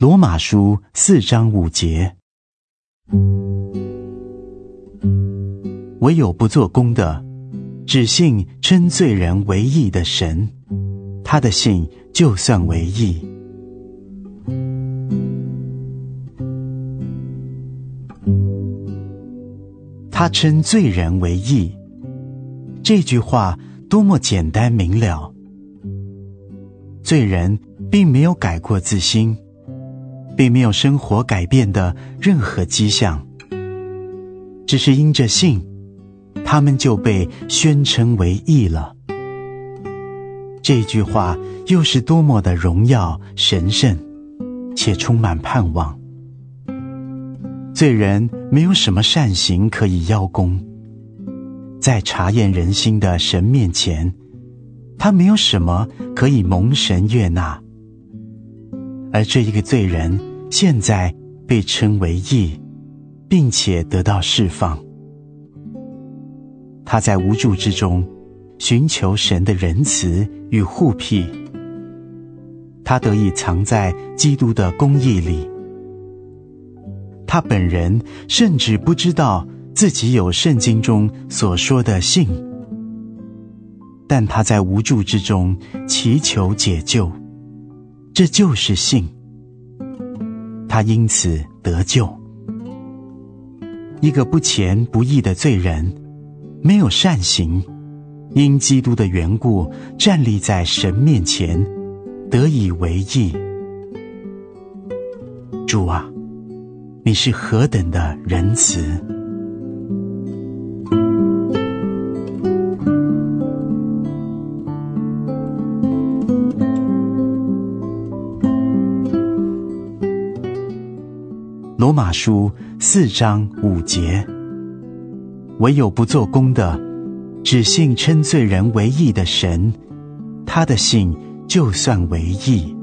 羅馬書四章五節，唯有不做工的，只信稱罪人為義的神，他的信就算為義。他稱罪人為義，這句話多麼簡單明了！罪人並沒有改過自新。並沒有生活改變的任何跡象，只是因着信，他們就被宣稱為義了。這句話又是多麼的榮耀、神聖，且充滿盼望。罪人沒有什麼善行可以邀功，在查驗人心的神面前，他沒有什麼可以蒙神悅納。而這一個罪人。現在被稱為義，並且得到釋放。他在無助之中尋求神的仁慈與護庇。他得以藏在基督的公義裡。他本人甚至不知道自己有聖經中所說的信，但他在無助之中祈求解救，這就是信。他因此得救。一個不虔不義的罪人，沒有善行，因基督的緣故站立在神面前，得以為義。主啊，你是何等的仁慈！羅馬書四章五節。唯有不做工的，只信稱罪人為義的神，他的信就算為義。